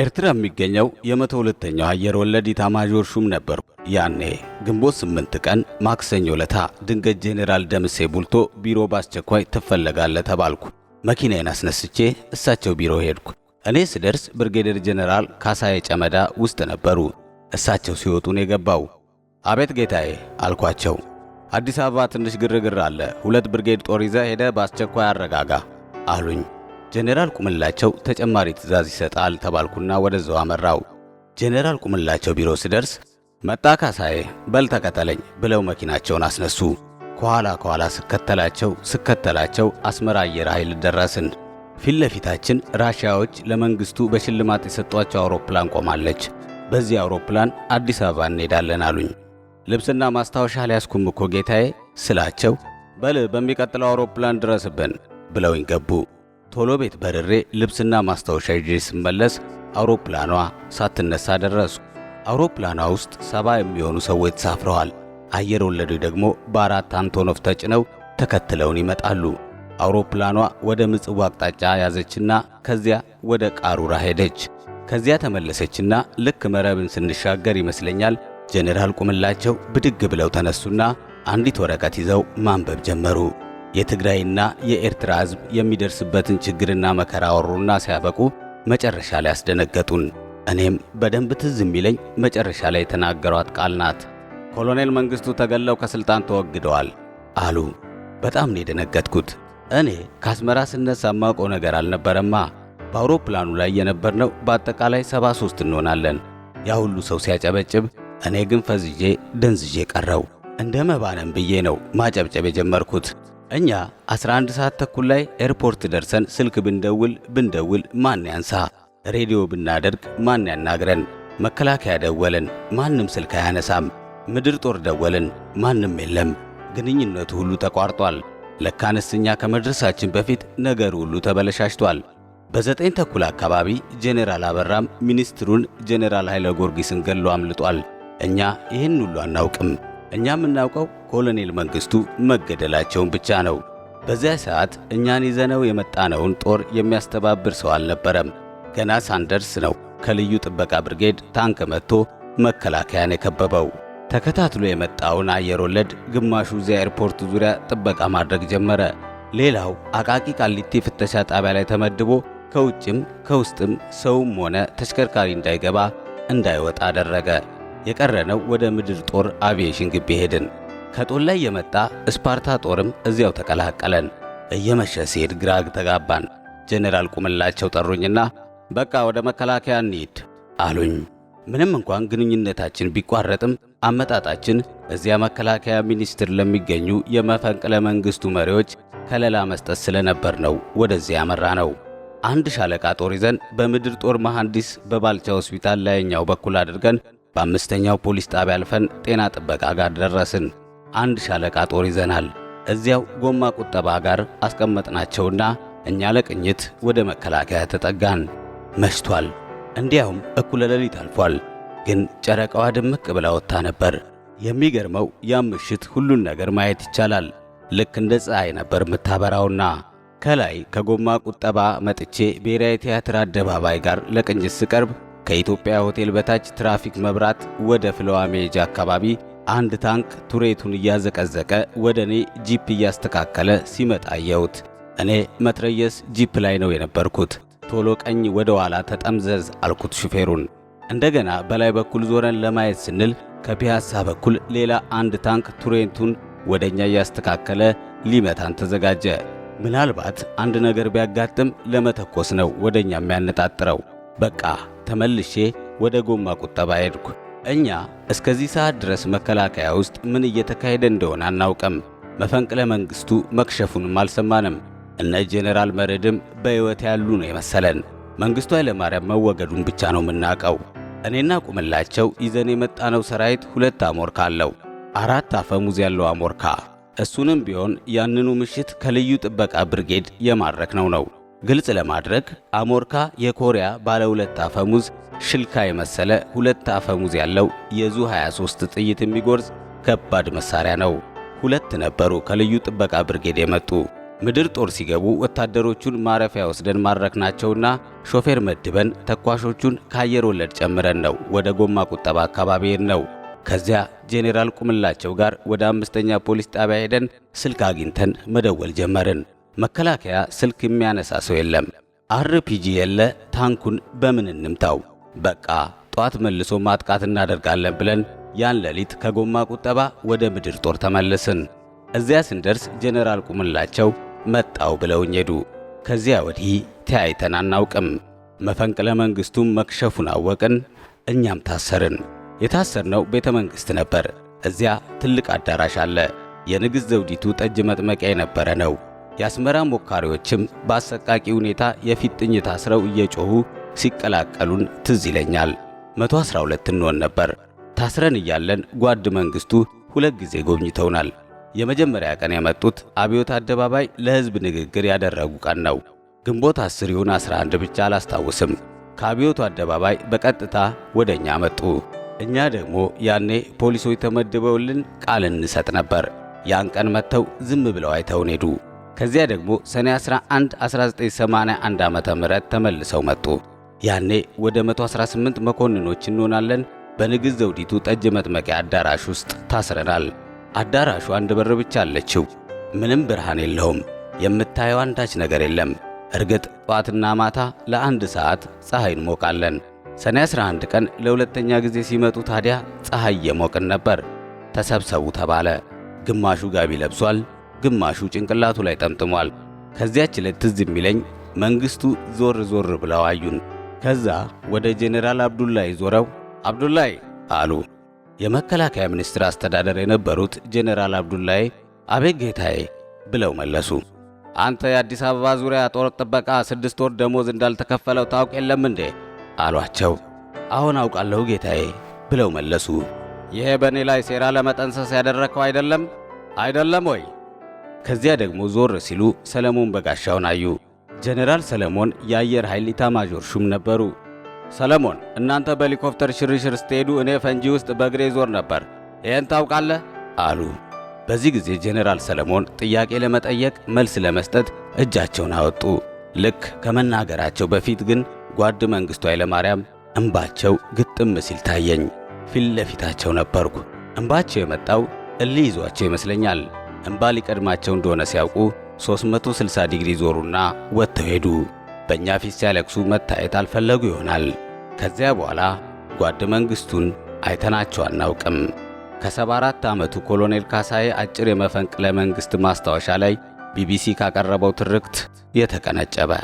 ኤርትራ የሚገኘው የመቶ ሁለተኛው አየር ወለድ ኢታማዦር ሹም ነበርኩ። ያኔ ግንቦት ስምንት ቀን ማክሰኞ ለታ ድንገት ጄኔራል ደምሴ ቡልቶ ቢሮ በአስቸኳይ ትፈለጋለ ተባልኩ። መኪናዬን አስነስቼ እሳቸው ቢሮ ሄድኩ። እኔ ስደርስ ብርጌደር ጄኔራል ካሳዬ ጨመዳ ውስጥ ነበሩ። እሳቸው ሲወጡን የገባው አቤት ጌታዬ አልኳቸው። አዲስ አበባ ትንሽ ግርግር አለ፣ ሁለት ብርጌድ ጦር ይዘ ሄደ በአስቸኳይ አረጋጋ አሉኝ። ጀኔራል ቁምላቸው ተጨማሪ ትዕዛዝ ይሰጣል ተባልኩና ወደዛው አመራው። ጀኔራል ቁምላቸው ቢሮ ስደርስ መጣ ካሳዬ በል ተከተለኝ ብለው መኪናቸውን አስነሱ። ከኋላ ከኋላ ስከተላቸው ስከተላቸው አስመራ አየር ኃይል ደረስን። ፊት ለፊታችን ራሽያዎች ለመንግስቱ በሽልማት የሰጧቸው አውሮፕላን ቆማለች። በዚህ አውሮፕላን አዲስ አበባ እንሄዳለን አሉኝ። ልብስና ማስታወሻ ሊያስኩም እኮ ጌታዬ ስላቸው፣ በል በሚቀጥለው አውሮፕላን ድረስብን ብለውኝ ገቡ። ቶሎ ቤት በርሬ ልብስና ማስታወሻ ይዤ ስመለስ አውሮፕላኗ ሳትነሳ ደረሱ። አውሮፕላኗ ውስጥ ሰባ የሚሆኑ ሰዎች ተሳፍረዋል። አየር ወለዱ ደግሞ በአራት አንቶኖቭ ተጭነው ተከትለውን ይመጣሉ። አውሮፕላኗ ወደ ምጽዋ አቅጣጫ ያዘችና ከዚያ ወደ ቃሩራ ሄደች። ከዚያ ተመለሰችና ልክ መረብን ስንሻገር ይመስለኛል ጄኔራል ቁምላቸው ብድግ ብለው ተነሱና አንዲት ወረቀት ይዘው ማንበብ ጀመሩ። የትግራይና የኤርትራ ሕዝብ የሚደርስበትን ችግርና መከራ ወሩና ሲያበቁ መጨረሻ ላይ አስደነገጡን። እኔም በደንብ ትዝ የሚለኝ መጨረሻ ላይ የተናገሯት ቃል ናት። ኮሎኔል መንግሥቱ ተገለው ከሥልጣን ተወግደዋል አሉ። በጣም ነው የደነገጥኩት። እኔ ከአስመራ ስነሳ ማውቀው ነገር አልነበረማ። በአውሮፕላኑ ላይ የነበርነው በአጠቃላይ ሰባ ሦስት እንሆናለን። ያ ሁሉ ሰው ሲያጨበጭብ፣ እኔ ግን ፈዝዤ ደንዝዤ ቀረው። እንደ መባነን ብዬ ነው ማጨብጨብ የጀመርኩት። እኛ 11 ሰዓት ተኩል ላይ ኤርፖርት ደርሰን ስልክ ብንደውል ብንደውል ማን ያንሳ? ሬዲዮ ብናደርግ ማን ያናግረን? መከላከያ ደወልን፣ ማንም ስልክ አያነሳም። ምድር ጦር ደወልን፣ ማንም የለም። ግንኙነቱ ሁሉ ተቋርጧል። ለካነስኛ ከመድረሳችን በፊት ነገር ሁሉ ተበለሻሽቷል። በዘጠኝ ተኩል አካባቢ ጄኔራል አበራም ሚኒስትሩን ጄኔራል ኃይለ ጊዮርጊስን ገሎ አምልጧል። እኛ ይህን ሁሉ አናውቅም። እኛ የምናውቀው ኮሎኔል መንግስቱ መገደላቸውን ብቻ ነው። በዚያ ሰዓት እኛን ይዘነው የመጣነውን ጦር የሚያስተባብር ሰው አልነበረም። ገና ሳንደርስ ነው ከልዩ ጥበቃ ብርጌድ ታንክ መጥቶ መከላከያን የከበበው። ተከታትሎ የመጣውን አየር ወለድ ግማሹ እዚያ ኤርፖርት ዙሪያ ጥበቃ ማድረግ ጀመረ። ሌላው አቃቂ ቃሊቲ ፍተሻ ጣቢያ ላይ ተመድቦ ከውጭም ከውስጥም ሰውም ሆነ ተሽከርካሪ እንዳይገባ እንዳይወጣ አደረገ። የቀረነው ወደ ምድር ጦር አቪዬሽን ግቢ ሄድን። ከጦል ላይ የመጣ ስፓርታ ጦርም እዚያው ተቀላቀለን። እየመሸ ሲሄድ ግራ ተጋባን። ጄኔራል ቁምላቸው ጠሩኝና በቃ ወደ መከላከያ እንሂድ አሉኝ። ምንም እንኳን ግንኙነታችን ቢቋረጥም አመጣጣችን እዚያ መከላከያ ሚኒስቴር ለሚገኙ የመፈንቅለ መንግስቱ መሪዎች ከለላ መስጠት ስለነበር ነው ወደዚያ ያመራ ነው። አንድ ሻለቃ ጦር ይዘን በምድር ጦር መሐንዲስ በባልቻ ሆስፒታል ላይኛው በኩል አድርገን በአምስተኛው ፖሊስ ጣቢያ አልፈን ጤና ጥበቃ ጋር ደረስን። አንድ ሻለቃ ጦር ይዘናል። እዚያው ጎማ ቁጠባ ጋር አስቀመጥናቸውና እኛ ለቅኝት ወደ መከላከያ ተጠጋን። መሽቷል። እንዲያውም እኩለ ሌሊት አልፏል። ግን ጨረቃዋ ድምቅ ብላ ወጥታ ነበር። የሚገርመው ያም ምሽት ሁሉን ነገር ማየት ይቻላል። ልክ እንደ ፀሐይ ነበር የምታበራውና ከላይ ከጎማ ቁጠባ መጥቼ ብሔራዊ ቲያትር አደባባይ ጋር ለቅኝት ስቀርብ ከኢትዮጵያ ሆቴል በታች ትራፊክ መብራት ወደ ፍለዋ ሜጃ አካባቢ አንድ ታንክ ቱሬቱን እያዘቀዘቀ ወደ እኔ ጂፕ እያስተካከለ ሲመጣ አየሁት። እኔ መትረየስ ጂፕ ላይ ነው የነበርኩት። ቶሎ ቀኝ ወደ ኋላ ተጠምዘዝ አልኩት ሹፌሩን። እንደገና በላይ በኩል ዞረን ለማየት ስንል ከፒያሳ በኩል ሌላ አንድ ታንክ ቱሬቱን ወደኛ እያስተካከለ ሊመታን ተዘጋጀ። ምናልባት አንድ ነገር ቢያጋጥም ለመተኮስ ነው ወደኛ የሚያነጣጥረው። በቃ ተመልሼ ወደ ጎማ ቁጠባ ሄድኩ። እኛ እስከዚህ ሰዓት ድረስ መከላከያ ውስጥ ምን እየተካሄደ እንደሆነ አናውቅም። መፈንቅለ መንግስቱ መክሸፉንም አልሰማንም። እነ ጄኔራል መረድም በሕይወት ያሉ ነው የመሰለን። መንግስቱ ኃይለማርያም መወገዱን ብቻ ነው የምናውቀው። እኔና ቁምላቸው ይዘን የመጣነው ሰራዊት ሁለት አሞርካ አለው። አራት አፈሙዝ ያለው አሞርካ። እሱንም ቢሆን ያንኑ ምሽት ከልዩ ጥበቃ ብርጌድ ነው ነው። ግልጽ ለማድረግ አሞርካ የኮሪያ ባለ ሁለት አፈሙዝ ሽልካ የመሰለ ሁለት አፈሙዝ ያለው የዙ 23 ጥይት የሚጎርዝ ከባድ መሳሪያ ነው። ሁለት ነበሩ ከልዩ ጥበቃ ብርጌድ የመጡ ምድር ጦር ሲገቡ ወታደሮቹን ማረፊያ ወስደን ናቸውና ሾፌር መድበን ተኳሾቹን ከአየር ወለድ ጨምረን ነው ወደ ጎማ ቁጠባ አካባቢ ነው። ከዚያ ጄኔራል ቁምላቸው ጋር ወደ አምስተኛ ፖሊስ ጣቢያ ሄደን ስልክ አግኝተን መደወል ጀመርን። መከላከያ ስልክ የሚያነሳ ሰው የለም። አርፒጂ የለ። ታንኩን በምን እንምታው? በቃ ጧት መልሶ ማጥቃት እናደርጋለን ብለን ያን ሌሊት ከጎማ ቁጠባ ወደ ምድር ጦር ተመለስን። እዚያ ስንደርስ ጄኔራል ቁምላቸው መጣው ብለውኝ ሄዱ። ከዚያ ወዲህ ተያይተን አናውቅም። መፈንቅለ መንግስቱም መክሸፉን አወቅን። እኛም ታሰርን። የታሰርነው ቤተ መንግሥት ነበር። እዚያ ትልቅ አዳራሽ አለ። የንግሥት ዘውዲቱ ጠጅ መጥመቂያ የነበረ ነው። የአስመራ ሞካሪዎችም በአሰቃቂ ሁኔታ የፊጥኝ ታስረው እየጮሁ ሲቀላቀሉን ትዝ ይለኛል። 112 እንሆን ነበር። ታስረን እያለን ጓድ መንግስቱ ሁለት ጊዜ ጎብኝተውናል። የመጀመሪያ ቀን የመጡት አብዮት አደባባይ ለህዝብ ንግግር ያደረጉ ቀን ነው። ግንቦት 10 ይሁን 11 ብቻ አላስታውስም። ከአብዮቱ አደባባይ በቀጥታ ወደ እኛ መጡ። እኛ ደግሞ ያኔ ፖሊሶች ተመድበውልን ቃል እንሰጥ ነበር። ያን ቀን መጥተው ዝም ብለው አይተውን ሄዱ። ከዚያ ደግሞ ሰኔ 11 1981 ዓ ም ተመልሰው መጡ። ያኔ ወደ 118 መኮንኖች እንሆናለን። በንግሥት ዘውዲቱ ጠጅ መጥመቂያ አዳራሽ ውስጥ ታስረናል። አዳራሹ አንድ በር ብቻ አለችው። ምንም ብርሃን የለውም። የምታየው አንዳች ነገር የለም። እርግጥ ጠዋትና ማታ ለአንድ ሰዓት ፀሐይ እንሞቃለን። ሰኔ 11 ቀን ለሁለተኛ ጊዜ ሲመጡ ታዲያ ፀሐይ እየሞቅን ነበር። ተሰብሰቡ ተባለ። ግማሹ ጋቢ ለብሷል፣ ግማሹ ጭንቅላቱ ላይ ጠምጥሟል። ከዚያች ዕለት ትዝ የሚለኝ መንግስቱ ዞር ዞር ብለው አዩን። ከዛ ወደ ጄኔራል አብዱላይ ዞረው አብዱላይ አሉ። የመከላከያ ሚኒስትር አስተዳደር የነበሩት ጄኔራል አብዱላይ አቤት ጌታዬ ብለው መለሱ። አንተ የአዲስ አበባ ዙሪያ ጦር ጥበቃ ስድስት ወር ደሞዝ እንዳልተከፈለው ታውቅ የለም እንዴ አሏቸው። አሁን አውቃለሁ ጌታዬ ብለው መለሱ። ይሄ በእኔ ላይ ሴራ ለመጠንሰስ ያደረግከው አይደለም አይደለም ወይ ከዚያ ደግሞ ዞር ሲሉ ሰለሞን በጋሻውን አዩ። ጀነራል ሰለሞን የአየር ኃይል ኢታማዦር ሹም ነበሩ። ሰለሞን፣ እናንተ በሄሊኮፕተር ሽርሽር ስትሄዱ እኔ ፈንጂ ውስጥ በእግሬ ዞር ነበር፣ ይህን ታውቃለህ አሉ። በዚህ ጊዜ ጀኔራል ሰለሞን ጥያቄ ለመጠየቅ መልስ ለመስጠት እጃቸውን አወጡ። ልክ ከመናገራቸው በፊት ግን ጓድ መንግሥቱ ኃይለማርያም እምባቸው ግጥም ሲል ታየኝ። ፊት ለፊታቸው ነበርኩ። እምባቸው የመጣው እልህ ይዟቸው ይመስለኛል። እምባ ሊቀድማቸው እንደሆነ ሲያውቁ 360 ዲግሪ ዞሩና ወጥተው ሄዱ። በእኛ ፊት ሲያለቅሱ መታየት አልፈለጉ ይሆናል። ከዚያ በኋላ ጓድ መንግሥቱን አይተናቸው አናውቅም። ከሰባ ከሰ74 ዓመቱ ኮሎኔል ካሳዬ አጭር የመፈንቅለ መንግሥት ማስታወሻ ላይ ቢቢሲ ካቀረበው ትርክት የተቀነጨበ